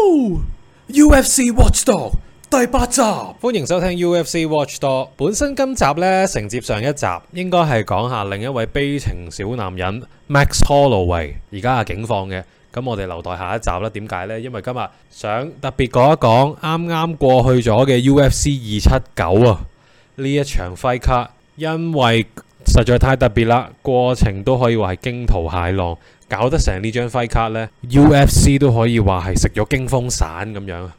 Oh, UFC Watchdog 第八集，歡迎收聽 UFC Watchdog。本身今集呢承接上一集，應該係講下另一位悲情小男人 Max Holloway 而家係警方嘅。咁我哋留待下一集啦。點解呢？因為今日想特別講一講啱啱過去咗嘅 UFC 二七九啊，呢一場 fight 卡，因為實在太特別啦，過程都可以話係驚濤駭浪。搞得成呢張 fight card 呢 UFC 都可以話係食咗驚風散咁樣。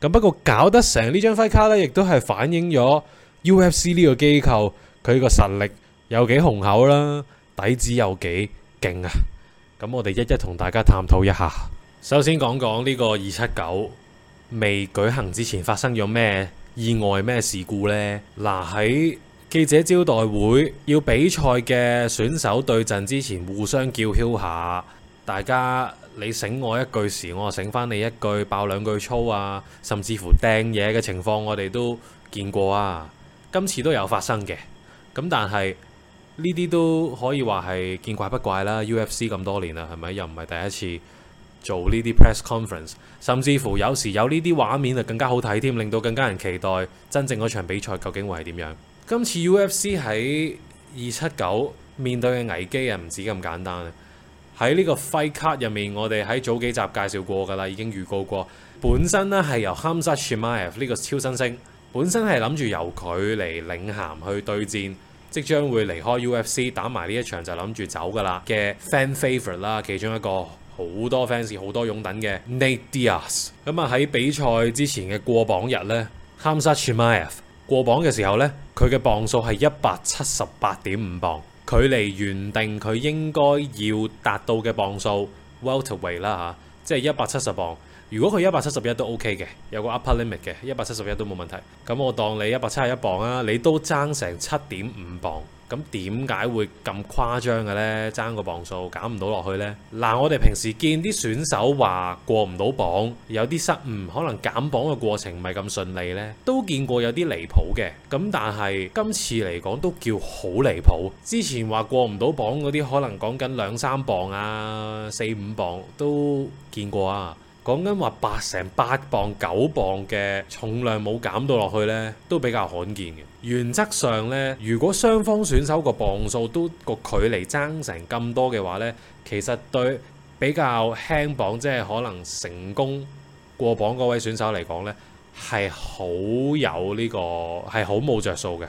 咁不過搞得成呢張 fight card 呢，亦都係反映咗 UFC 呢個機構佢個實力有幾雄厚啦，底子有幾勁啊。咁我哋一一同大家探討一下。首先講講呢個二七九未舉行之前發生咗咩意外咩事故呢？嗱喺記者招待會，要比賽嘅選手對陣之前，互相叫囂下，大家你醒我一句時，時我醒返你一句，爆兩句粗啊，甚至乎掟嘢嘅情況，我哋都見過啊。今次都有發生嘅，咁但係呢啲都可以話係見怪不怪啦。UFC 咁多年啦，係咪又唔係第一次做呢啲 press conference，甚至乎有時有呢啲畫面就更加好睇添，令到更加人期待真正嗰場比賽究竟會係點樣。今次 UFC 喺二七九面對嘅危機啊，唔止咁簡單啊！喺呢個 Fight Card 入面，我哋喺早幾集介紹過㗎啦，已經預告過。本身咧係由 Khamzat Chimaev 呢個超新星，本身係諗住由佢嚟領銜去對戰，即將會離開 UFC 打埋呢一場就諗住走㗎啦嘅 Fan Favorite 啦，其中一個好多 fans 好多擁躉嘅 Nate Diaz。咁啊喺比賽之前嘅過磅日呢，Khamzat Chimaev 過磅嘅時候呢，佢嘅磅數係一百七十八點五磅，距離原定佢應該要達到嘅磅數 welterweight 啦嚇，即係一百七十磅。如果佢一百七十一都 OK 嘅，有個 upper limit 嘅，一百七十一都冇問題。咁我當你一百七十一磅啊，你都爭成七點五磅。咁點解會咁誇張嘅呢？爭個磅數減唔到落去呢？嗱、啊，我哋平時見啲選手話過唔到磅，有啲失誤，可能減磅嘅過程唔係咁順利呢，都見過有啲離譜嘅。咁但係今次嚟講都叫好離譜。之前話過唔到磅嗰啲，可能講緊兩三磅啊，四五磅都見過啊。講緊話八成八磅九磅嘅重量冇減到落去呢，都比較罕見嘅。原則上呢，如果雙方選手個磅數都個距離爭成咁多嘅話呢，其實對比較輕磅，即係可能成功過磅嗰位選手嚟講呢，係、呢個、好有呢個係好冇着數嘅，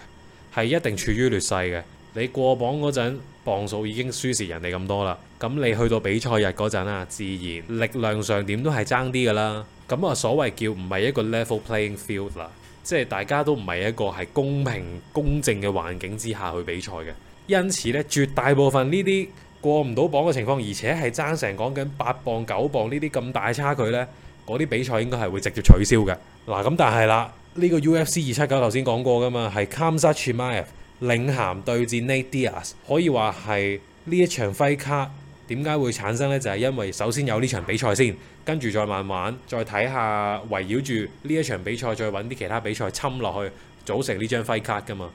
係一定處於劣勢嘅。你過磅嗰陣，磅數已經輸蝕人哋咁多啦。咁你去到比賽日嗰陣啊，自然力量上點都係爭啲噶啦。咁啊，所謂叫唔係一個 level playing field 啦，即係大家都唔係一個係公平公正嘅環境之下去比賽嘅。因此呢，絕大部分呢啲過唔到榜嘅情況，而且係爭成講緊八磅九磅呢啲咁大差距呢，嗰啲比賽應該係會直接取消嘅。嗱、啊，咁但係啦，呢、呢個 UFC 二七九頭先講過噶嘛，係 Khamzat Chimaev 領銜對戰 Nate Diaz，可以話係呢一場輝卡。點解會產生呢？就係因為首先有呢場比賽先，跟住再慢慢再睇下，圍繞住呢一場比賽再揾啲其他比賽侵落去，組成呢張 fight card 㗎嘛。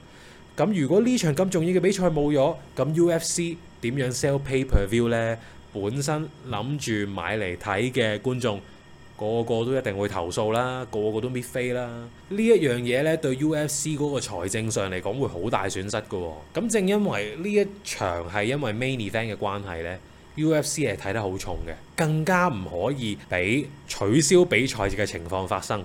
咁如果呢場咁重要嘅比賽冇咗，咁 UFC 點樣 sell pay-per-view 呢？本身諗住買嚟睇嘅觀眾個個都一定會投訴啦，個個都必飛啦。呢一樣嘢呢，對 UFC 嗰個財政上嚟講會好大損失㗎喎。咁正因為呢一場係因為 main event 嘅關係呢。UFC 係睇得好重嘅，更加唔可以畀取消比賽嘅情況發生。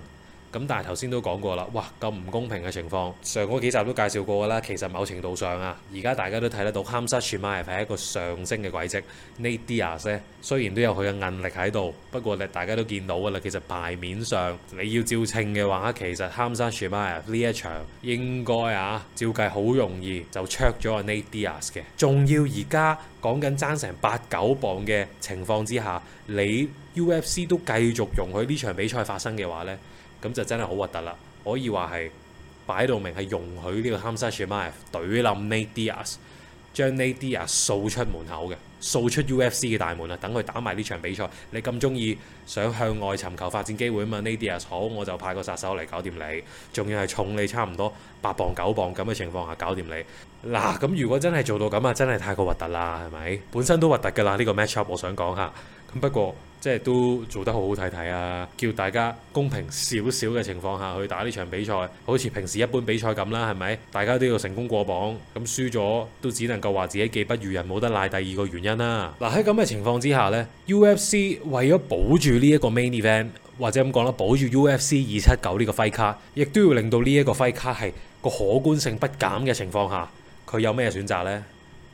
咁但係頭先都講過啦，哇咁唔公平嘅情況，上嗰幾集都介紹過㗎啦。其實某程度上啊，而家大家都睇得到，Khamzat Chimaev 係一個上升嘅軌跡。Nate Diaz 呢，雖然都有佢嘅韌力喺度，不過咧大家都見到㗎啦。其實牌面上你要照稱嘅話，其實 Khamzat Chimaev 呢一場應該啊，照計好容易就 check 咗阿 Nate Diaz 嘅。仲要而家講緊爭成八九磅嘅情況之下，你 UFC 都繼續容許呢場比賽發生嘅話呢。咁就真係好核突啦！可以話係擺到明係容許呢個 Khamzat Chimaev 懟冧 Nate Diaz 將 Nate Diaz 掃出門口嘅，掃出 UFC 嘅大門啊！等佢打埋呢場比賽。你咁中意想向外尋求發展機會啊嘛 Nate Diaz 好我就派個殺手嚟搞掂你，仲要係重你差唔多八磅九磅咁嘅情況下搞掂你。嗱，咁如果真係做到咁啊，真係太過核突啦，係咪？本身都核突噶啦，呢個 match up 我想講下。咁不過。即係都做得好好睇睇啊！叫大家公平少少嘅情況下去打呢場比賽，好似平時一般比賽咁啦，係咪？大家都要成功過榜，咁輸咗都只能夠話自己技不如人，冇得賴第二個原因啦、啊。嗱，喺咁嘅情況之下呢 UFC 為咗保住呢一個 main event 或者咁講啦，保住 UFC 二七九呢個 fight card，亦都要令到呢一個 fight card 係個可觀性不減嘅情況下，佢有咩選擇呢？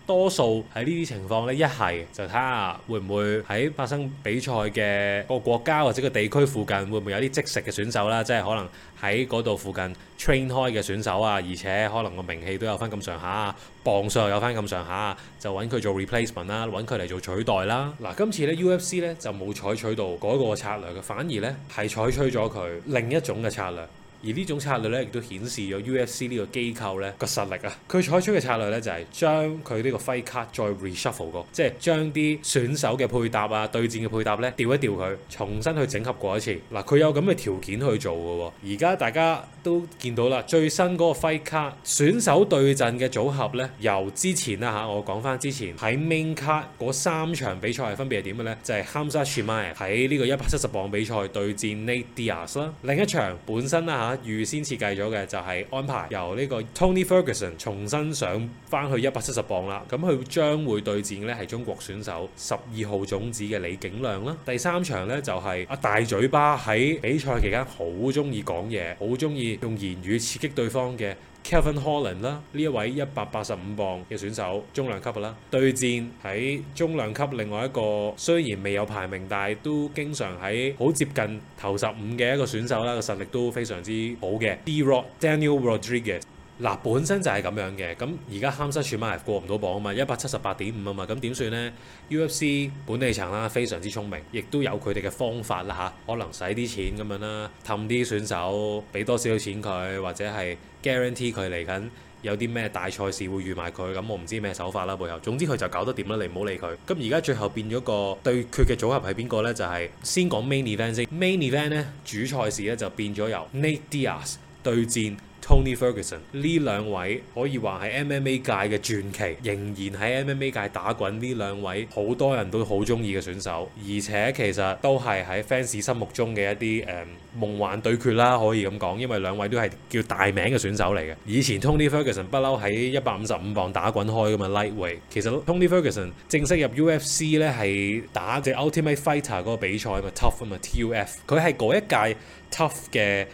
多數喺呢啲情況呢一係就睇下會唔會喺發生比賽嘅個國家或者個地區附近，會唔會有啲即食嘅選手啦？即係可能喺嗰度附近 train 開嘅選手啊，而且可能個名氣都有翻咁上下啊，磅數又有翻咁上下啊就揾佢做 replacement 啦，揾佢嚟做取代啦。嗱，今次呢 UFC 呢就冇採取到嗰個策略，反而呢係採取咗佢另一種嘅策略。而呢種策略咧，亦都顯示咗 UFC 呢個機構咧，個實力啊！佢採取嘅策略咧，就係、是、將佢呢個 fight card 再 reshuffle 過，即係將啲選手嘅配搭啊、對戰嘅配搭咧，調一調佢，重新去整合過一次。嗱、啊，佢有咁嘅條件去做嘅、啊。而家大家，都見到啦，最新嗰個 fight 卡選手對陣嘅組合呢，由之前啦嚇、啊，我講翻之前喺 Main 卡嗰三場比賽係分別係點嘅呢？就係、是、Khamzat Chimaev 喺呢個一百七十磅比賽對戰 Nate Diaz 啦、啊。另一場本身啦嚇預先設計咗嘅就係安排由呢個 Tony Ferguson 重新上翻去一百七十磅啦，咁佢將會對戰呢係中國選手十二號種子嘅李景亮啦、啊。第三場呢，就係、是、阿大嘴巴喺比賽期間好中意講嘢，好中意，用言語刺激對方嘅 Kevin Holland 啦，呢一位一百八十五磅嘅選手，中量級嘅啦，對戰喺中量級另外一個雖然未有排名，但係都經常喺好接近頭十五嘅一個選手啦，個實力都非常之好嘅。D-Rod Daniel Rodriguez。嗱，本身就係咁樣嘅，咁而家 Khamzat Chimaev 過唔到磅啊嘛，一百七十八點五啊嘛，咁點算呢？UFC 本地層啦，非常之聰明，亦都有佢哋嘅方法啦嚇，可能使啲錢咁樣啦，氹啲選手，俾多少錢佢，或者係 guarantee 佢嚟緊有啲咩大賽事會預埋佢，咁我唔知咩手法啦，背後。總之佢就搞得掂啦，你唔好理佢。咁而家最後變咗個對決嘅組合係邊個呢？就係、是、先講 main event 先。Main event 呢，主賽事呢，就變咗由 Nate Diaz 對戰。Tony Ferguson 呢兩位可以話係 MMA 界嘅傳奇，仍然喺 MMA 界打滾。呢兩位好多人都好中意嘅選手，而且其實都係喺 fans 心目中嘅一啲誒夢幻對決啦，可以咁講。因為兩位都係叫大名嘅選手嚟嘅。以前 Tony Ferguson 不嬲喺一百五十五磅打滾開㗎嘛，lightweight。其實 Tony Ferguson 正式入 UFC 咧係打嘅 Ultimate Fighter 嗰個比賽啊嘛，Tough 啊嘛 TUF。佢係嗰一屆 Tough 嘅，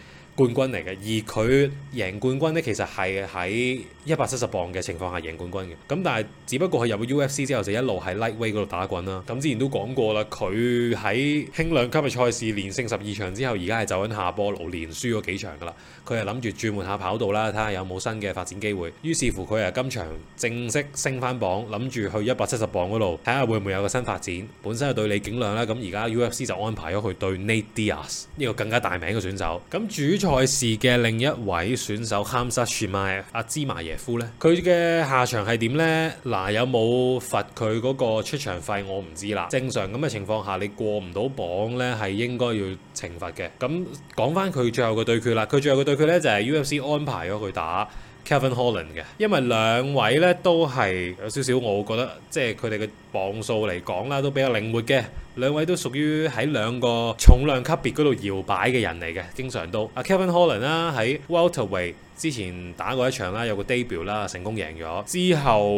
冠軍嚟嘅，而佢贏冠軍呢，其實係喺一百七十磅嘅情況下贏冠軍嘅。咁但係，只不過係入咗 UFC 之後就一路喺 lightweight 嗰度打滾啦。咁之前都講過啦，佢喺輕量級嘅賽事連勝十二場之後，而家係走緊下坡路，連輸咗幾場噶啦。佢係諗住轉換下跑道啦，睇下有冇新嘅發展機會。於是乎，佢係今場正式升翻榜，諗住去一百七十磅嗰度睇下會唔會有個新發展。本身係對李景亮啦，咁而家 UFC 就安排咗佢對 Nate Diaz 呢個更加大名嘅選手。咁主賽事嘅另一位選手哈姆沙·樹麥阿芝麻耶夫呢，佢嘅下場係點呢？嗱、啊，有冇罰佢嗰個出場費我唔知啦。正常咁嘅情況下，你過唔到磅呢係應該要懲罰嘅。咁講翻佢最後嘅對決啦，佢最後嘅對決呢，就係、是、UFC 安排咗佢打 Kevin Holland 嘅，因為兩位呢都係有少少，我覺得即係佢哋嘅磅數嚟講啦，都比較靈活嘅。兩位都屬於喺兩個重量級別嗰度搖擺嘅人嚟嘅，經常都阿 Kevin Holland 啦，喺 Welterweight 之前打過一場啦，有個 debut 啦，成功贏咗之後，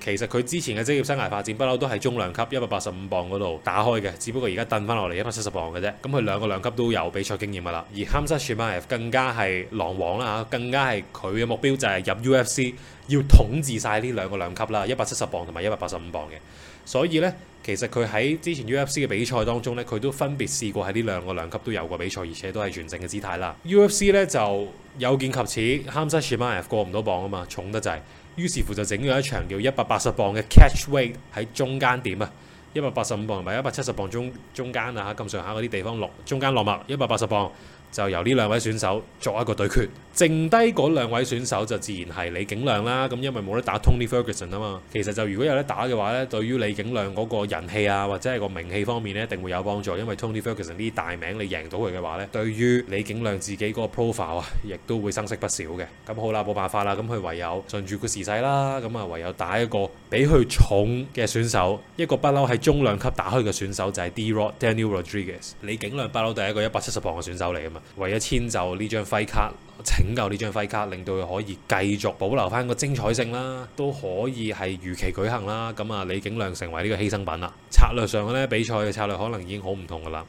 其實佢之前嘅職業生涯發展不嬲都係中量級一百八十五磅嗰度打開嘅，只不過而家掟翻落嚟一百七十磅嘅啫。咁佢兩個量級都有比賽經驗噶啦，而 Khamzat Chimaev 更加係狼王啦嚇，更加係佢嘅目標就係入 UFC 要統治晒呢兩個量級啦，一百七十磅同埋一百八十五磅嘅。所以呢。其實佢喺之前 UFC 嘅比賽當中咧，佢都分別試過喺呢兩個兩級都有過比賽，而且都係完整嘅姿態啦。UFC 咧就有見及此，Hamza Chimaev 過唔到磅啊嘛，重得滯，於是乎就整咗一場叫一百八十磅嘅 catch weight 喺中間點啊，一百八十五磅同埋一百七十磅中中間啊咁上下嗰啲地方落中間落脈一百八十磅就由呢兩位選手作一個對決。剩低嗰兩位選手就自然係李景亮啦，咁因為冇得打 Tony Ferguson 啊嘛。其實就如果有得打嘅話呢，對於李景亮嗰個人氣啊或者係個名氣方面呢，一定會有幫助。因為 Tony Ferguson 呢啲大名，你贏到佢嘅話呢，對於李景亮自己嗰個 profile 啊，亦都會生色不少嘅。咁好啦，冇辦法啦，咁佢唯有順住個時勢啦，咁啊唯有打一個比佢重嘅選手，一個不嬲係中量級打開嘅選手就係 D Rod Daniel Rodriguez。李景亮不嬲都係一個一百七十磅嘅選手嚟噶嘛，為咗遷就呢張 Fight 卡。拯救呢張廢卡，令到佢可以繼續保留翻個精彩性啦，都可以係如期舉行啦。咁啊，李景亮成為呢個犧牲品啦。策略上嘅，呢比賽嘅策略可能已經好唔同噶啦，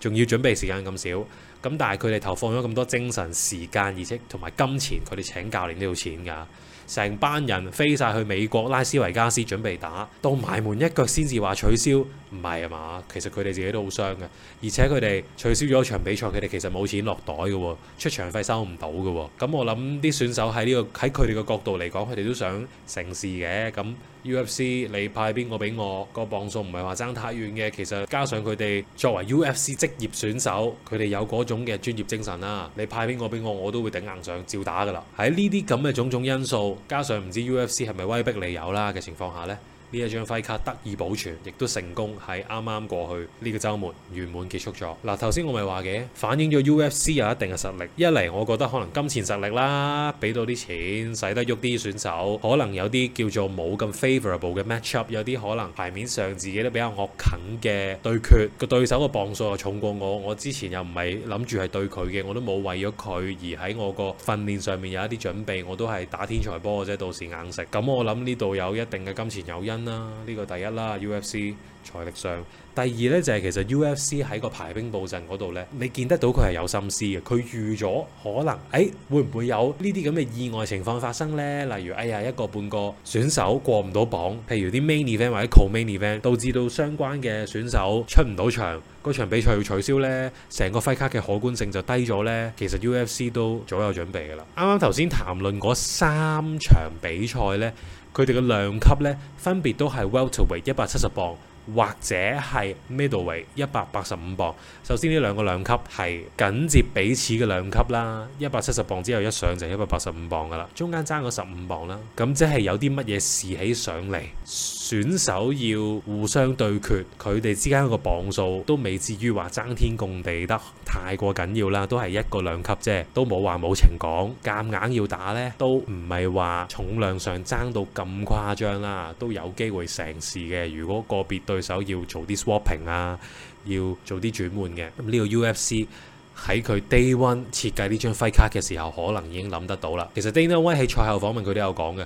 仲要準備時間咁少。咁但係佢哋投放咗咁多精神、時間、而且同埋金錢，佢哋請教練都要錢噶。成班人飛晒去美國拉斯維加斯準備打，到埋門一腳先至話取消。唔係啊嘛，其實佢哋自己都好傷嘅，而且佢哋取消咗一場比賽，佢哋其實冇錢落袋嘅喎，出場費收唔到嘅喎，咁、嗯、我諗啲選手喺呢、這個喺佢哋嘅角度嚟講，佢哋都想成事嘅，咁、嗯、UFC 你派邊個俾我、個磅數唔係話爭太遠嘅，其實加上佢哋作為 UFC 職業選手，佢哋有嗰種嘅專業精神啦，你派邊個俾我，我都會頂硬上照打噶啦，喺呢啲咁嘅種種因素，加上唔知 UFC 係咪威逼利誘啦嘅情況下呢。呢一張飛卡得以保存，亦都成功喺啱啱過去呢個週末圓滿結束咗。嗱、啊，頭先我咪話嘅，反映咗 UFC 有一定嘅實力。一嚟，我覺得可能金錢實力啦，俾到啲錢，使得喐啲選手。可能有啲叫做冇咁 favorable 嘅 matchup，有啲可能牌面上自己都比較惡啃嘅對決，個對手嘅磅數又重過我。我之前又唔係諗住係對佢嘅，我都冇為咗佢而喺我個訓練上面有一啲準備，我都係打天才波嘅啫，到時硬食。咁、嗯、我諗呢度有一定嘅金錢誘因。啦，呢個第一啦，UFC 財力上，第二呢，就係、是、其實 UFC 喺個排兵布陣嗰度呢，你見得到佢係有心思嘅，佢預咗可能誒、哎、會唔會有呢啲咁嘅意外情況發生呢？例如哎呀一個半個選手過唔到榜，譬如啲 main event 或者 core main event 導致到相關嘅選手出唔到場，嗰場比賽要取消呢，成個 fight 卡嘅可觀性就低咗呢。其實 UFC 都早有準備噶啦。啱啱頭先談論嗰三場比賽呢。佢哋嘅量級呢，分別都係 welterweight 一百七十磅。或者係 Middleweight 一百八十五磅。首先呢兩個兩級係緊接彼此嘅兩級啦，一百七十磅之後一上就一百八十五磅噶啦，中間爭咗十五磅啦。咁即係有啲乜嘢事起上嚟，選手要互相對決，佢哋之間個磅數都未至於話爭天共地得太過緊要啦，都係一個兩級啫，都冇話冇情講，夾硬，硬要打呢，都唔係話重量上爭到咁誇張啦，都有機會成事嘅。如果個別對對手要做啲 swapping 啊，要做啲轉換嘅。咁、嗯、呢、這個 UFC 喺佢 day one 設計呢張 fight card 嘅時候，可能已經諗得到啦。其實 Dana White 喺賽後訪問佢都有講嘅。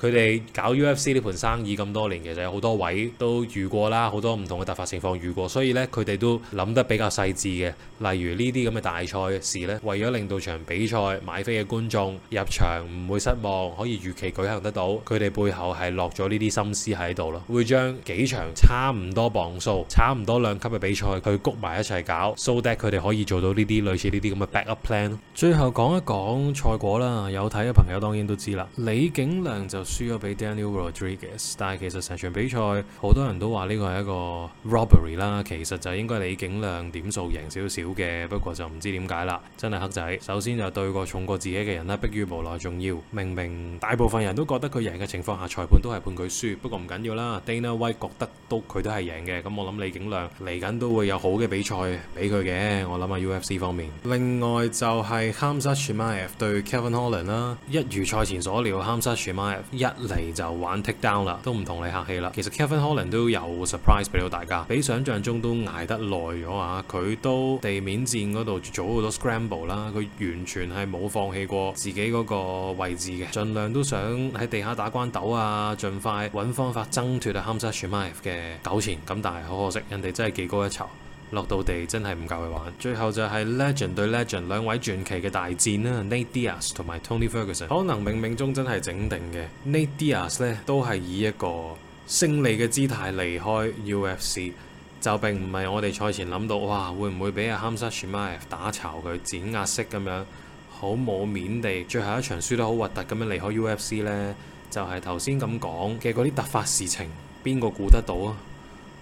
佢哋搞 UFC 呢盤生意咁多年，其實有好多位都遇過啦，好多唔同嘅突發情況遇過，所以呢，佢哋都諗得比較細緻嘅。例如呢啲咁嘅大賽事呢，為咗令到場比賽買飛嘅觀眾入場唔會失望，可以如期舉行得到，佢哋背後係落咗呢啲心思喺度咯。會將幾場差唔多磅數、差唔多兩級嘅比賽去谷埋一齊搞，so that 佢哋可以做到呢啲類似呢啲咁嘅 backup plan。最後講一講賽果啦，有睇嘅朋友當然都知啦。李景亮就輸咗俾 Daniel Rodriguez，但係其實成場比賽好多人都話呢個係一個 robbery 啦，其實就應該李景亮點數贏少少嘅，不過就唔知點解啦，真係黑仔。首先就對過重過自己嘅人咧，迫於無奈重要，明明大部分人都覺得佢贏嘅情況下，裁判都係判佢輸，不過唔緊要啦。Dana White 覺得都佢都係贏嘅，咁我諗李景亮嚟緊都會有好嘅比賽俾佢嘅，我諗喺 UFC 方面。另外就係 Khamzat Chimaev 對 Kevin Holland 啦，一如賽前所料 Khamzat Chimaev。一嚟就玩 take down 啦，都唔同你客氣啦。其實 Kevin 可能都有 surprise 俾到大家，比想象中都捱得耐咗啊！佢都地面戰嗰度做好多 scramble 啦，佢完全係冇放棄過自己嗰個位置嘅，盡量都想喺地下打關鬥啊，盡快揾方法掙脱啊 Khamzat Chimaev 嘅糾纏。咁但係好可惜，人哋真係技高一籌。落到地真係唔夠佢玩，最後就係 Legend 對 Legend 兩位傳奇嘅大戰啦。Nate Diaz 同埋 Tony Ferguson 可能冥冥中真係整定嘅。Nate Diaz 呢都係以一個勝利嘅姿態離開 UFC，就並唔係我哋賽前諗到，哇會唔會俾阿 Khamzat Chimaev 打巢佢碾壓式咁樣，好冇面地最後一場輸得好核突咁樣離開 UFC 呢？就係頭先咁講嘅嗰啲突發事情，邊個估得到啊？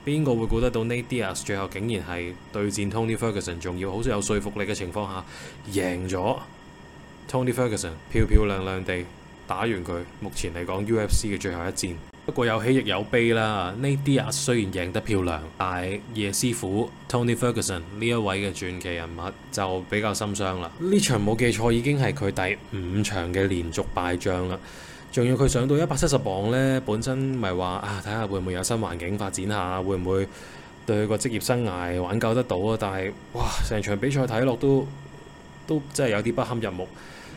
邊個會估得到？Nate Diaz 最後竟然係對戰 Tony Ferguson 仲要好似有說服力嘅情況下贏咗 Tony Ferguson，漂漂亮亮地打完佢。目前嚟講 UFC 嘅最後一戰，不過有喜亦有悲啦。Nate Diaz 雖然贏得漂亮，但係葉師傅 Tony Ferguson 呢一位嘅傳奇人物就比較心傷啦。呢場冇記錯已經係佢第五場嘅連續敗仗啦。仲要佢上到一百七十磅呢，本身咪話，啊，睇下會唔會有新環境發展下，會唔會對個職業生涯挽救得到啊？但係哇！成場比賽睇落都都真係有啲不堪入目，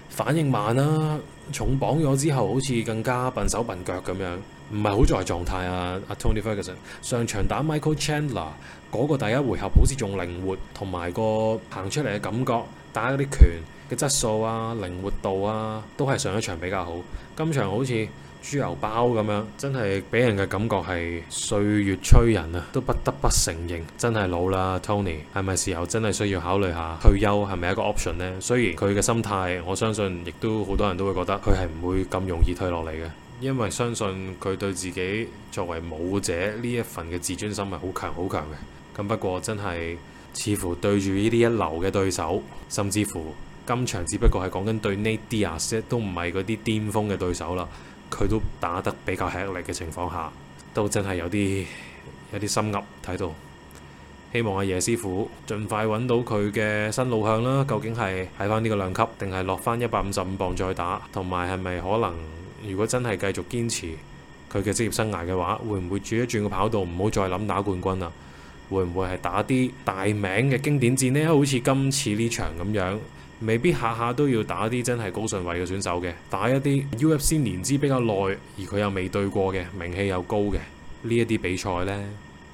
反應慢啦、啊，重綁咗之後好似更加笨手笨腳咁樣，唔係好在狀態啊！阿 Tony Ferguson 上場打 Michael Chandler 嗰個第一回合，好似仲靈活，同埋個行出嚟嘅感覺，打嗰啲拳。嘅質素啊，靈活度啊，都係上一場比較好。今場好似豬油包咁樣，真係俾人嘅感覺係歲月催人啊！都不得不承認，真係老啦，Tony 係咪時候真係需要考慮下退休係咪一個 option 呢？雖然佢嘅心態，我相信亦都好多人都會覺得佢係唔會咁容易退落嚟嘅，因為相信佢對自己作為武者呢一份嘅自尊心係好強好強嘅。咁不過真係似乎對住呢啲一流嘅對手，甚至乎～今場只不過係講緊對 Nate Diaz，即係都唔係嗰啲巔峰嘅對手啦。佢都打得比較吃力嘅情況下，都真係有啲有啲心噏睇到。希望阿爺師傅盡快揾到佢嘅新路向啦。究竟係喺返呢個量級，定係落返一百五十五磅再打？同埋係咪可能，如果真係繼續堅持佢嘅職業生涯嘅話，會唔會轉一轉個跑道，唔好再諗打冠軍啊？會唔會係打啲大名嘅經典戰呢？好似今次呢場咁樣。未必下下都要打啲真係高順位嘅選手嘅，打一啲 UFC 年資比較耐而佢又未對過嘅，名氣又高嘅呢一啲比賽呢，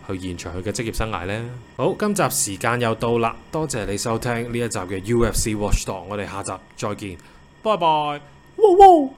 去延長佢嘅職業生涯呢。好，今集時間又到啦，多謝你收聽呢一集嘅 UFC Watchdog，我哋下集再見，拜拜。